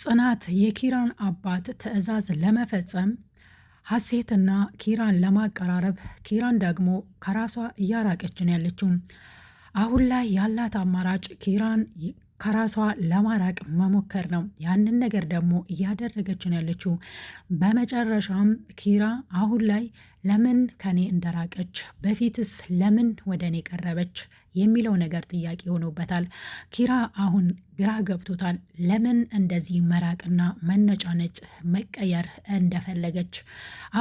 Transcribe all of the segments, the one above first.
ጽናት የኪራን አባት ትዕዛዝ ለመፈጸም ሀሴትና ኪራን ለማቀራረብ ኪራን ደግሞ ከራሷ እያራቀች ነው ያለችው። አሁን ላይ ያላት አማራጭ ኪራን ከራሷ ለማራቅ መሞከር ነው። ያንን ነገር ደግሞ እያደረገች ነው ያለችው። በመጨረሻም ኪራ አሁን ላይ ለምን ከኔ እንደራቀች በፊትስ ለምን ወደ እኔ ቀረበች የሚለው ነገር ጥያቄ ሆኖበታል። ኪራ አሁን ግራ ገብቶታል። ለምን እንደዚህ መራቅና መነጫነጭ መቀየር እንደፈለገች።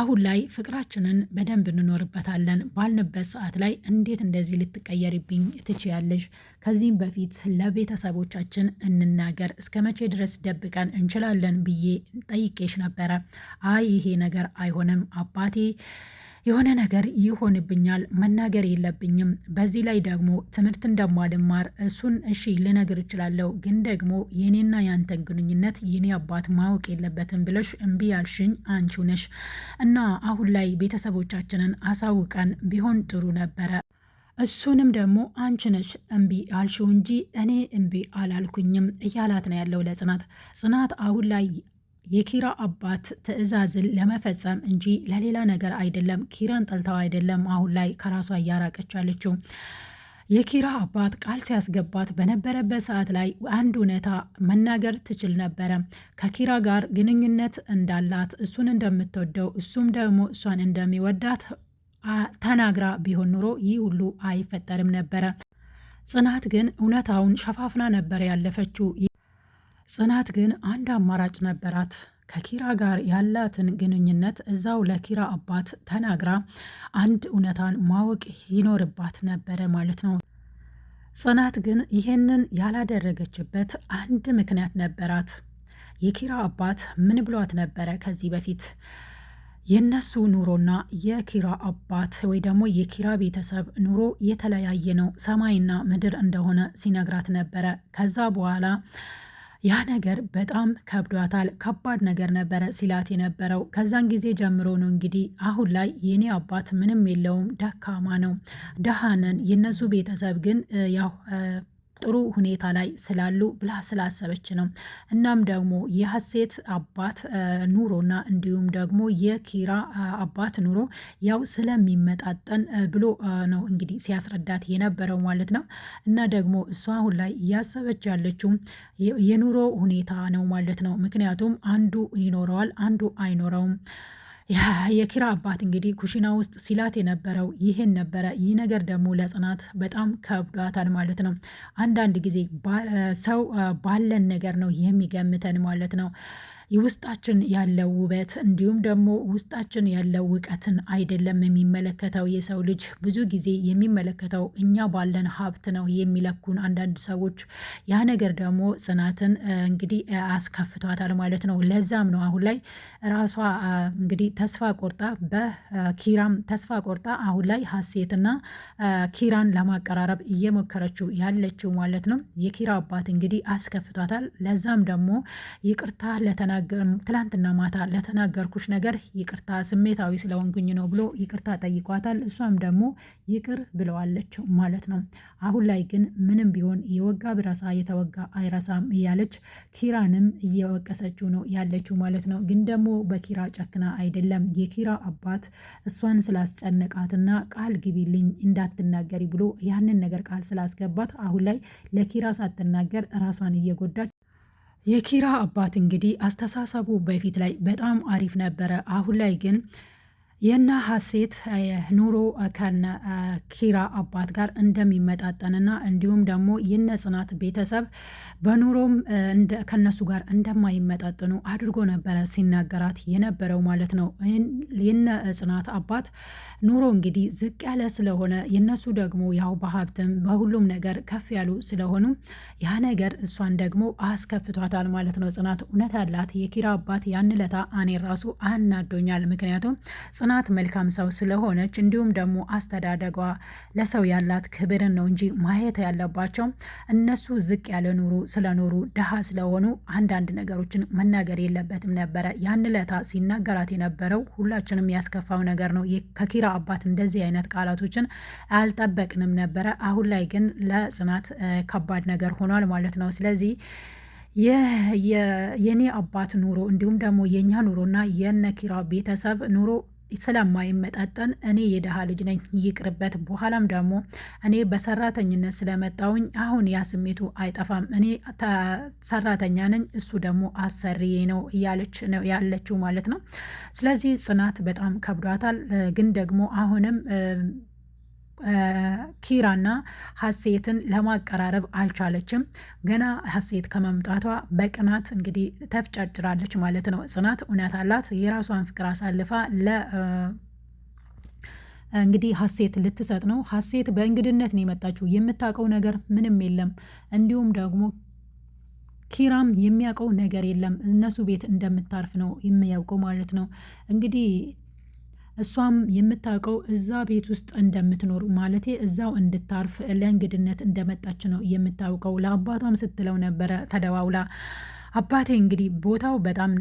አሁን ላይ ፍቅራችንን በደንብ እንኖርበታለን ባልንበት ሰዓት ላይ እንዴት እንደዚህ ልትቀየርብኝ ትችያለሽ? ከዚህም በፊት ለቤተሰቦቻችን እንናገር፣ እስከ መቼ ድረስ ደብቀን እንችላለን ብዬ ጠይቄሽ ነበረ። አይ ይሄ ነገር አይሆንም አባቴ የሆነ ነገር ይሆንብኛል፣ መናገር የለብኝም። በዚህ ላይ ደግሞ ትምህርት እንደማልማር እሱን እሺ ልነግር እችላለሁ፣ ግን ደግሞ የኔና ያንተን ግንኙነት የኔ አባት ማወቅ የለበትም ብለሽ እምቢ ያልሽኝ አንቺው ነሽ እና አሁን ላይ ቤተሰቦቻችንን አሳውቀን ቢሆን ጥሩ ነበረ። እሱንም ደግሞ አንቺ ነሽ እምቢ አልሽው እንጂ እኔ እምቢ አላልኩኝም እያላት ነው ያለው ለጽናት። ጽናት አሁን ላይ የኪራ አባት ትዕዛዝን ለመፈጸም እንጂ ለሌላ ነገር አይደለም። ኪራን ጠልተው አይደለም አሁን ላይ ከራሷ እያራቀች ያለችው። የኪራ አባት ቃል ሲያስገባት በነበረበት ሰዓት ላይ አንድ እውነታ መናገር ትችል ነበረ። ከኪራ ጋር ግንኙነት እንዳላት እሱን እንደምትወደው እሱም ደግሞ እሷን እንደሚወዳት ተናግራ ቢሆን ኑሮ ይህ ሁሉ አይፈጠርም ነበረ። ጽናት ግን እውነታውን ሸፋፍና ነበረ ያለፈችው። ጽናት ግን አንድ አማራጭ ነበራት። ከኪራ ጋር ያላትን ግንኙነት እዛው ለኪራ አባት ተናግራ አንድ እውነታን ማወቅ ይኖርባት ነበረ ማለት ነው። ጽናት ግን ይህንን ያላደረገችበት አንድ ምክንያት ነበራት። የኪራ አባት ምን ብሏት ነበረ? ከዚህ በፊት የነሱ ኑሮና የኪራ አባት ወይ ደግሞ የኪራ ቤተሰብ ኑሮ የተለያየ ነው፣ ሰማይና ምድር እንደሆነ ሲነግራት ነበረ። ከዛ በኋላ ያ ነገር በጣም ከብዷታል። ከባድ ነገር ነበረ ሲላት የነበረው ከዛን ጊዜ ጀምሮ ነው እንግዲህ አሁን ላይ የኔ አባት ምንም የለውም፣ ደካማ ነው፣ ደሃ ነን። የነሱ ቤተሰብ ግን ያው ጥሩ ሁኔታ ላይ ስላሉ ብላ ስላሰበች ነው። እናም ደግሞ የሀሴት አባት ኑሮና እንዲሁም ደግሞ የኪራ አባት ኑሮ ያው ስለሚመጣጠን ብሎ ነው እንግዲህ ሲያስረዳት የነበረው ማለት ነው። እና ደግሞ እሷ አሁን ላይ እያሰበች ያለችው የኑሮ ሁኔታ ነው ማለት ነው። ምክንያቱም አንዱ ይኖረዋል፣ አንዱ አይኖረውም። የኪራ አባት እንግዲህ ኩሽና ውስጥ ሲላት የነበረው ይህን ነበረ። ይህ ነገር ደግሞ ለጽናት በጣም ከብዷታል ማለት ነው። አንዳንድ ጊዜ ሰው ባለን ነገር ነው የሚገምተን ማለት ነው። ውስጣችን ያለው ውበት እንዲሁም ደግሞ ውስጣችን ያለው እውቀትን አይደለም የሚመለከተው የሰው ልጅ ብዙ ጊዜ የሚመለከተው እኛ ባለን ሀብት ነው የሚለኩን አንዳንድ ሰዎች። ያ ነገር ደግሞ ጽናትን እንግዲህ አስከፍቷታል ማለት ነው። ለዛም ነው አሁን ላይ ራሷ እንግዲህ ተስፋ ቆርጣ በኪራም ተስፋ ቆርጣ አሁን ላይ ሀሴትና ኪራን ለማቀራረብ እየሞከረችው ያለችው ማለት ነው። የኪራ አባት እንግዲህ አስከፍቷታል። ለዛም ደግሞ ይቅርታ ለተና ትላንትና ማታ ለተናገርኩሽ ነገር ይቅርታ ስሜታዊ ስለሆንኩኝ ነው ብሎ ይቅርታ ጠይቋታል። እሷም ደግሞ ይቅር ብለዋለች ማለት ነው። አሁን ላይ ግን ምንም ቢሆን የወጋ ብረሳ የተወጋ አይረሳም እያለች ኪራንም እየወቀሰችው ነው ያለችው ማለት ነው። ግን ደግሞ በኪራ ጨክና አይደለም የኪራ አባት እሷን ስላስጨነቃትና ቃል ግቢልኝ እንዳትናገሪ ብሎ ያንን ነገር ቃል ስላስገባት አሁን ላይ ለኪራ ሳትናገር ራሷን እየጎዳች የኪራ አባት እንግዲህ አስተሳሰቡ በፊት ላይ በጣም አሪፍ ነበረ። አሁን ላይ ግን የነ ሀሴት ኑሮ ከነ ኪራ አባት ጋር እንደሚመጣጠንና እንዲሁም ደግሞ የነ ጽናት ቤተሰብ በኑሮም ከነሱ ጋር እንደማይመጣጥኑ አድርጎ ነበረ ሲናገራት የነበረው ማለት ነው። የነ ጽናት አባት ኑሮ እንግዲህ ዝቅ ያለ ስለሆነ የነሱ ደግሞ ያው በሀብትም በሁሉም ነገር ከፍ ያሉ ስለሆኑ ያ ነገር እሷን ደግሞ አስከፍቷታል ማለት ነው። ጽናት እውነት አላት። የኪራ አባት ያን ለታ እኔ ራሱ አናዶኛል። ምክንያቱም ጽናት መልካም ሰው ስለሆነች እንዲሁም ደግሞ አስተዳደጓ ለሰው ያላት ክብርን ነው እንጂ ማየት ያለባቸው እነሱ ዝቅ ያለ ኑሮ ስለኖሩ ድሃ ስለሆኑ አንዳንድ ነገሮችን መናገር የለበትም ነበረ። ያን ለታ ሲናገራት የነበረው ሁላችንም ያስከፋው ነገር ነው። ከኪራ አባት እንደዚህ አይነት ቃላቶችን አልጠበቅንም ነበረ። አሁን ላይ ግን ለጽናት ከባድ ነገር ሆኗል ማለት ነው። ስለዚህ የኔ አባት ኑሮ እንዲሁም ደግሞ የእኛ ኑሮና የነኪራ ቤተሰብ ኑሮ ስለማይመጣጠን እኔ የደሃ ልጅ ነኝ ይቅርበት። በኋላም ደግሞ እኔ በሰራተኝነት ስለመጣውኝ አሁን ያ ስሜቱ አይጠፋም። እኔ ሰራተኛ ነኝ፣ እሱ ደግሞ አሰሪዬ ነው እያለች ነው ያለችው ማለት ነው። ስለዚህ ጽናት በጣም ከብዷታል። ግን ደግሞ አሁንም ኪራና ሀሴትን ለማቀራረብ አልቻለችም። ገና ሀሴት ከመምጣቷ በቅናት እንግዲህ ተፍጨርጭራለች ማለት ነው። ጽናት እውነት አላት። የራሷን ፍቅር አሳልፋ ለ እንግዲህ ሀሴት ልትሰጥ ነው። ሀሴት በእንግድነት ነው የመጣችው። የምታውቀው ነገር ምንም የለም። እንዲሁም ደግሞ ኪራም የሚያውቀው ነገር የለም። እነሱ ቤት እንደምታርፍ ነው የሚያውቀው ማለት ነው እንግዲህ እሷም የምታውቀው እዛ ቤት ውስጥ እንደምትኖር ማለቴ እዛው እንድታርፍ ለእንግድነት እንደመጣች ነው የምታውቀው። ለአባቷም ስትለው ነበረ ተደዋውላ አባቴ እንግዲህ ቦታው በጣም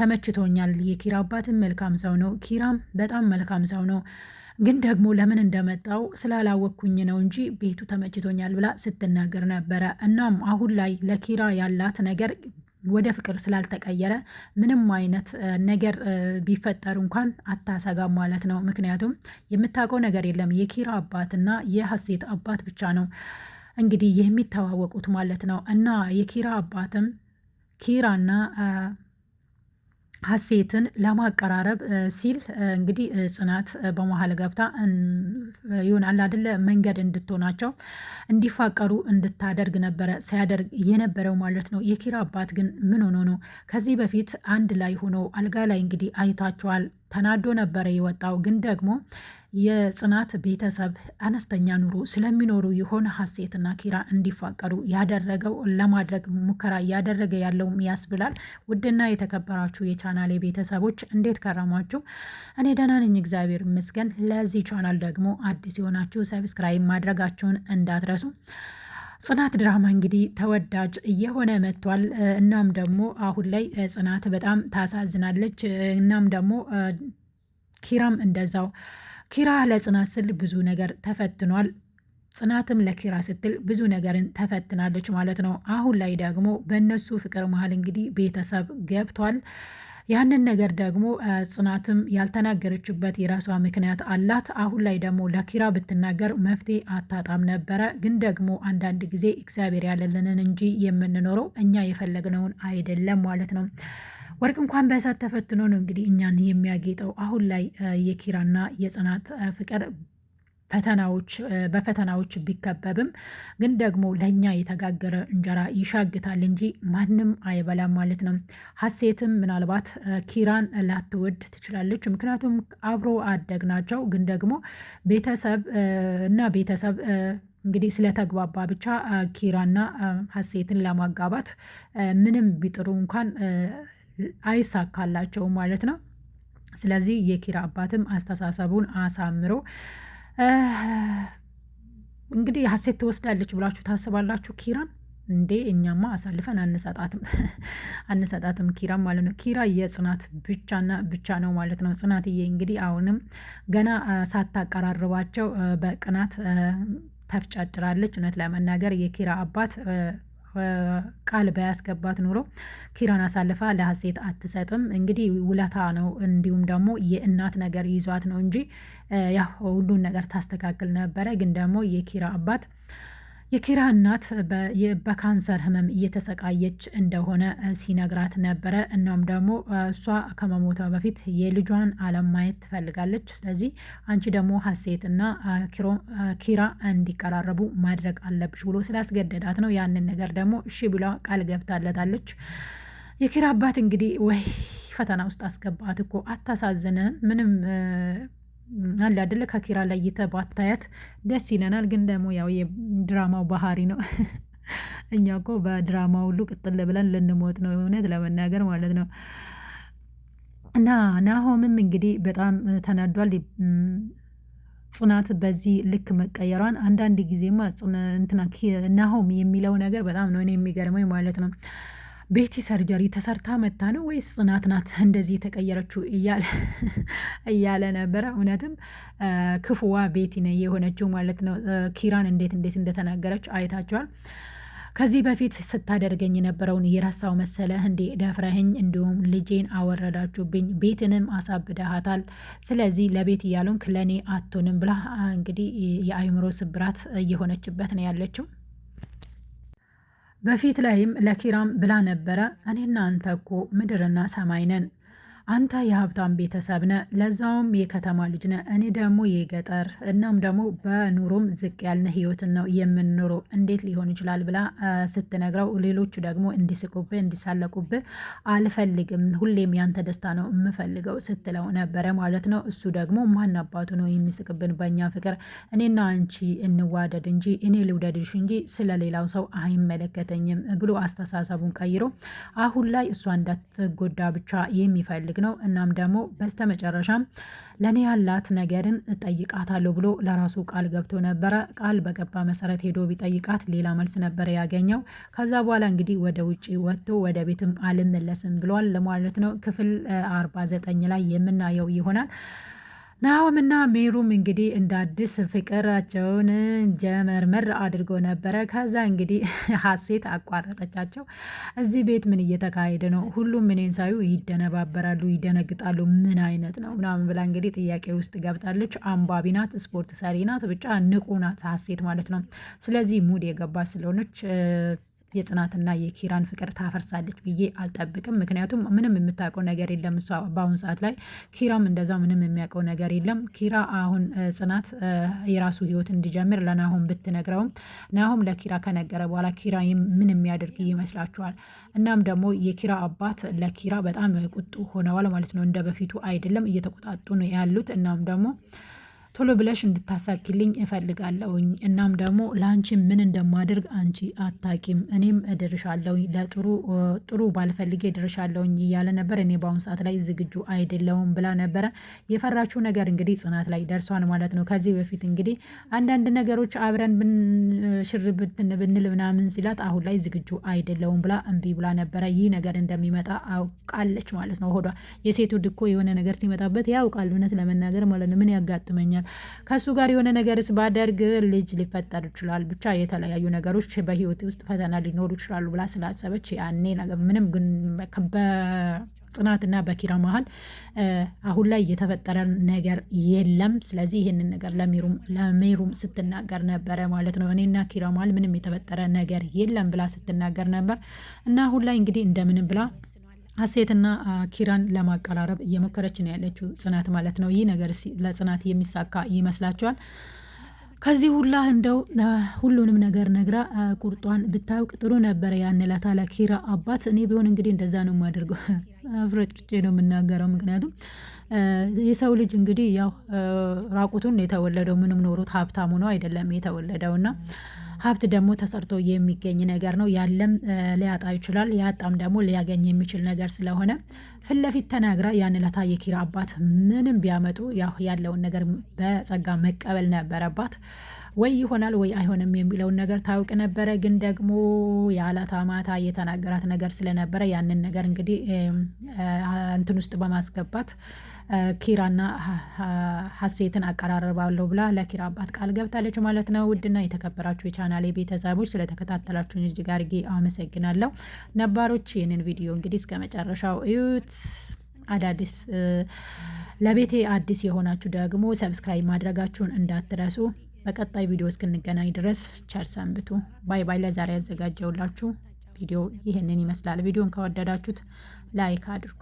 ተመችቶኛል። የኪራ አባትም መልካም ሰው ነው። ኪራም በጣም መልካም ሰው ነው። ግን ደግሞ ለምን እንደመጣው ስላላወቅኩኝ ነው እንጂ ቤቱ ተመችቶኛል ብላ ስትናገር ነበረ። እናም አሁን ላይ ለኪራ ያላት ነገር ወደ ፍቅር ስላልተቀየረ ምንም አይነት ነገር ቢፈጠር እንኳን አታሰጋም ማለት ነው። ምክንያቱም የምታውቀው ነገር የለም። የኪራ አባትና የሀሴት አባት ብቻ ነው እንግዲህ የሚተዋወቁት ማለት ነው። እና የኪራ አባትም ኪራና ሀሴትን ለማቀራረብ ሲል እንግዲህ ጽናት በመሀል ገብታ ይሆናል አይደለ መንገድ እንድትሆናቸው እንዲፋቀሩ እንድታደርግ ነበረ ሲያደርግ የነበረው ማለት ነው። የኪራ አባት ግን ምን ሆኖ ነው? ከዚህ በፊት አንድ ላይ ሆኖ አልጋ ላይ እንግዲህ አይታቸዋል። ተናዶ ነበረ የወጣው ግን ደግሞ የጽናት ቤተሰብ አነስተኛ ኑሮ ስለሚኖሩ የሆነ ሀሴትና ኪራ እንዲፋቀሩ ያደረገው ለማድረግ ሙከራ እያደረገ ያለውም ያስብላል። ውድና የተከበራችሁ የቻናሌ ቤተሰቦች እንዴት ከረማችሁ? እኔ ደህና ነኝ፣ እግዚአብሔር ይመስገን። ለዚህ ቻናል ደግሞ አዲስ የሆናችሁ ሰብስክራይብ ማድረጋችሁን እንዳትረሱ። ጽናት ድራማ እንግዲህ ተወዳጅ እየሆነ መጥቷል። እናም ደግሞ አሁን ላይ ጽናት በጣም ታሳዝናለች። እናም ደግሞ ኪራም እንደዛው ኪራ ለጽናት ስል ብዙ ነገር ተፈትኗል። ጽናትም ለኪራ ስትል ብዙ ነገርን ተፈትናለች ማለት ነው። አሁን ላይ ደግሞ በእነሱ ፍቅር መሀል እንግዲህ ቤተሰብ ገብቷል። ያንን ነገር ደግሞ ጽናትም ያልተናገረችበት የራሷ ምክንያት አላት። አሁን ላይ ደግሞ ለኪራ ብትናገር መፍትሄ አታጣም ነበረ። ግን ደግሞ አንዳንድ ጊዜ እግዚአብሔር ያለልንን እንጂ የምንኖረው እኛ የፈለግነውን አይደለም ማለት ነው። ወርቅ እንኳን በእሳት ተፈትኖ ነው እንግዲህ እኛን የሚያጌጠው። አሁን ላይ የኪራና የጽናት ፍቅር ፈተናዎች በፈተናዎች ቢከበብም ግን ደግሞ ለእኛ የተጋገረ እንጀራ ይሻግታል እንጂ ማንም አይበላም ማለት ነው። ሀሴትም ምናልባት ኪራን ላትወድ ትችላለች። ምክንያቱም አብሮ አደግ ናቸው። ግን ደግሞ ቤተሰብ እና ቤተሰብ እንግዲህ ስለተግባባ ብቻ ኪራና ሀሴትን ለማጋባት ምንም ቢጥሩ እንኳን አይሳካላቸውም ማለት ነው። ስለዚህ የኪራ አባትም አስተሳሰቡን አሳምሮ እንግዲህ ሀሴት ትወስዳለች ብላችሁ ታስባላችሁ ኪራን እንዴ እኛማ አሳልፈን አንሰጣትም አንሰጣትም ኪራ ማለት ነው። ኪራ የጽናት ብቻና ብቻ ነው ማለት ነው። ጽናትዬ እንግዲህ አሁንም ገና ሳታቀራርባቸው በቅናት ተፍጨጭራለች። እውነት ለመናገር የኪራ አባት ቃል ባያስገባት ኑሮ ኪራን አሳልፋ ለሀሴት አትሰጥም። እንግዲህ ውለታ ነው፣ እንዲሁም ደግሞ የእናት ነገር ይዟት ነው እንጂ ያ ሁሉን ነገር ታስተካክል ነበረ። ግን ደግሞ የኪራ አባት የኪራ እናት በካንሰር ህመም እየተሰቃየች እንደሆነ ሲነግራት ነበረ። እናም ደግሞ እሷ ከመሞቷ በፊት የልጇን ዓለም ማየት ትፈልጋለች። ስለዚህ አንቺ ደግሞ ሀሴትና ኪራ እንዲቀራረቡ ማድረግ አለብሽ ብሎ ስላስገደዳት ነው። ያንን ነገር ደግሞ እሺ ብላ ቃል ገብታለታለች። የኪራ አባት እንግዲህ ወይ ፈተና ውስጥ አስገባት እኮ አታሳዝንም? ምንም አለ አደለ ከኪራ ላይ የተባታያት ደስ ይለናል። ግን ደግሞ ያው የድራማው ባህሪ ነው። እኛ እኮ በድራማ ሁሉ ቅጥል ብለን ልንሞት ነው እውነት ለመናገር ማለት ነው። እና ናሆምም እንግዲህ በጣም ተናዷል። ጽናት በዚህ ልክ መቀየሯን አንዳንድ ጊዜማ እንትና ናሆም የሚለው ነገር በጣም ነው እኔ የሚገርመኝ ማለት ነው። ቤቲ ሰርጀሪ ተሰርታ መታ ነው ወይስ ጽናት ናት እንደዚህ የተቀየረችው እያለ ነበረ። እውነትም ክፉዋ ቤቲ ነ የሆነችው ማለት ነው። ኪራን እንዴት እንዴት እንደተናገረች አይታችኋል። ከዚህ በፊት ስታደርገኝ የነበረውን የረሳው መሰለ እንዴ? ደፍረህኝ፣ እንዲሁም ልጄን አወረዳችሁብኝ፣ ቤትንም አሳብደሃታል። ስለዚህ ለቤት እያሉን ክለኔ አቶንም ብላ እንግዲህ የአይምሮ ስብራት እየሆነችበት ነው ያለችው። በፊት ላይም ለኪራም ብላ ነበረ እኔና አንተ እኮ ምድርና ሰማይ ነን አንተ የሀብታም ቤተሰብ ነ ለዛውም የከተማ ልጅ ነ እኔ ደግሞ የገጠር እናም ደግሞ በኑሮም ዝቅ ያልነ ህይወትን ነው የምንኖረው፣ እንዴት ሊሆን ይችላል ብላ ስትነግረው፣ ሌሎቹ ደግሞ እንዲስቁብህ እንዲሳለቁብህ አልፈልግም፣ ሁሌም ያንተ ደስታ ነው የምፈልገው ስትለው ነበረ ማለት ነው። እሱ ደግሞ ማን አባቱ ነው የሚስቅብን በእኛ ፍቅር፣ እኔና አንቺ እንዋደድ እንጂ እኔ ልውደድሽ እንጂ ስለሌላው ሰው አይመለከተኝም ብሎ አስተሳሰቡን ቀይሮ አሁን ላይ እሷ እንዳትጎዳ ብቻ የሚፈልግ የሚፈልግ ነው። እናም ደግሞ በስተመጨረሻም ለእኔ ያላት ነገርን እጠይቃታለሁ ብሎ ለራሱ ቃል ገብቶ ነበረ። ቃል በገባ መሰረት ሄዶ ቢጠይቃት ሌላ መልስ ነበረ ያገኘው። ከዛ በኋላ እንግዲህ ወደ ውጭ ወጥቶ ወደ ቤትም አልመለስም ብሏል ለማለት ነው። ክፍል 49 ላይ የምናየው ይሆናል። ናሆምና ሜሩም እንግዲህ እንደ አዲስ ፍቅራቸውን ጀመርመር አድርጎ ነበረ። ከዛ እንግዲህ ሀሴት አቋረጠቻቸው። እዚህ ቤት ምን እየተካሄደ ነው? ሁሉም እኔን ሳዩ ይደነባበራሉ፣ ይደነግጣሉ። ምን አይነት ነው ምናምን ብላ እንግዲህ ጥያቄ ውስጥ ገብታለች። አንባቢ ናት፣ ስፖርት ሰሪ ናት፣ ብቻ ንቁ ናት ሀሴት ማለት ነው። ስለዚህ ሙድ የገባ ስለሆነች የጽናትና የኪራን ፍቅር ታፈርሳለች ብዬ አልጠብቅም። ምክንያቱም ምንም የምታውቀው ነገር የለም እሷ በአሁን ሰዓት ላይ ኪራም እንደዛ ምንም የሚያውቀው ነገር የለም። ኪራ አሁን ጽናት የራሱ ህይወት እንዲጀምር ለናሆም ብትነግረውም ናሆም ለኪራ ከነገረ በኋላ ኪራ ምን የሚያደርግ ይመስላችኋል? እናም ደግሞ የኪራ አባት ለኪራ በጣም ቁጡ ሆነዋል ማለት ነው። እንደ በፊቱ አይደለም፣ እየተቆጣጡ ነው ያሉት። እናም ደግሞ ቶሎ ብለሽ እንድታሳኪልኝ እፈልጋለሁኝ። እናም ደግሞ ለአንቺ ምን እንደማደርግ አንቺ አታቂም፣ እኔም እድርሻለሁኝ ለጥሩ ጥሩ ባልፈልጌ እድርሻለሁኝ እያለ ነበር። እኔ በአሁኑ ሰዓት ላይ ዝግጁ አይደለሁም ብላ ነበረ። የፈራችው ነገር እንግዲህ ጽናት ላይ ደርሷን ማለት ነው። ከዚህ በፊት እንግዲህ አንዳንድ ነገሮች አብረን ሽር ብንል ምናምን ሲላት አሁን ላይ ዝግጁ አይደለሁም ብላ እምቢ ብላ ነበረ። ይህ ነገር እንደሚመጣ አውቃለች ማለት ነው። ሆዷ የሴቱ ድኮ የሆነ ነገር ሲመጣበት ያውቃል፣ እውነት ለመናገር ማለት ነው። ምን ያጋጥመኛል ከእሱ ጋር የሆነ ነገርስ ባደርግ ልጅ ሊፈጠር ይችላል፣ ብቻ የተለያዩ ነገሮች በህይወት ውስጥ ፈተና ሊኖሩ ይችላሉ ብላ ስላሰበች ያኔ ምንም ግን ጽናትና በኪራ መሀል አሁን ላይ የተፈጠረ ነገር የለም። ስለዚህ ይህንን ነገር ለሜሩም ስትናገር ነበረ ማለት ነው። እኔና ኪራ መሀል ምንም የተፈጠረ ነገር የለም ብላ ስትናገር ነበር እና አሁን ላይ እንግዲህ እንደምንም ብላ ሀሴትና ኪራን ለማቀራረብ እየሞከረች ነው ያለችው ጽናት ማለት ነው። ይህ ነገር ለጽናት የሚሳካ ይመስላችኋል? ከዚህ ሁላ እንደው ሁሉንም ነገር ነግራ ቁርጧን ብታውቅ ጥሩ ነበረ። ያን ለታለ ኪራ አባት እኔ ቢሆን እንግዲህ እንደዛ ነው የማደርገው። አፍረጭጭ ነው የምናገረው። ምክንያቱም የሰው ልጅ እንግዲህ ያው ራቁቱን የተወለደው ምንም ኖሮት ሀብታሙ ነው አይደለም የተወለደውና ሀብት ደግሞ ተሰርቶ የሚገኝ ነገር ነው። ያለም ሊያጣ ይችላል፣ ያጣም ደግሞ ሊያገኝ የሚችል ነገር ስለሆነ ፊት ለፊት ተናግራ ያን ለታ የኪራ አባት ምንም ቢያመጡ ያው ያለውን ነገር በጸጋ መቀበል ነበረባት። ወይ ይሆናል ወይ አይሆንም የሚለውን ነገር ታውቅ ነበረ። ግን ደግሞ የአላታ ማታ የተናገራት ነገር ስለነበረ ያንን ነገር እንግዲህ እንትን ውስጥ በማስገባት ኪራና ሀሴትን አቀራርባለሁ ብላ ለኪራ አባት ቃል ገብታለች ማለት ነው። ውድና የተከበራችሁ የቻናሌ ቤተሰቦች ስለተከታተላችሁን እጅግ አድርጌ አመሰግናለሁ። ነባሮች ይህንን ቪዲዮ እንግዲህ እስከ መጨረሻው እዩት። አዳዲስ ለቤቴ አዲስ የሆናችሁ ደግሞ ሰብስክራይብ ማድረጋችሁን እንዳትረሱ። በቀጣይ ቪዲዮ እስክንገናኝ ድረስ ቸር ሰንብቱ። ባይ ባይ። ለዛሬ ያዘጋጀውላችሁ ቪዲዮ ይህንን ይመስላል። ቪዲዮን ከወደዳችሁት ላይክ አድርጉ።